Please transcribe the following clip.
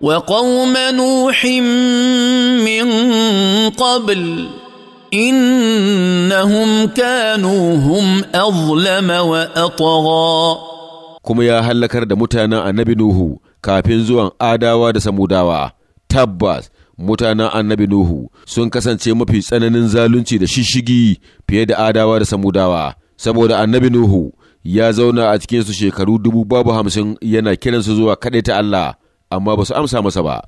وقوم نوح من قبل إنهم كانوا هم أظلم وأطغى kuma ya hallakar da mutanen annabi Nuhu kafin zuwan adawa da samudawa tabbas mutanen annabi Nuhu sun kasance mafi tsananin zalunci da shishigi fiye da adawa da samudawa saboda annabi Nuhu ya zauna a cikinsu shekaru dubu babu hamsin yana kiransu zuwa kaɗai ta Allah amma ba su amsa masa ba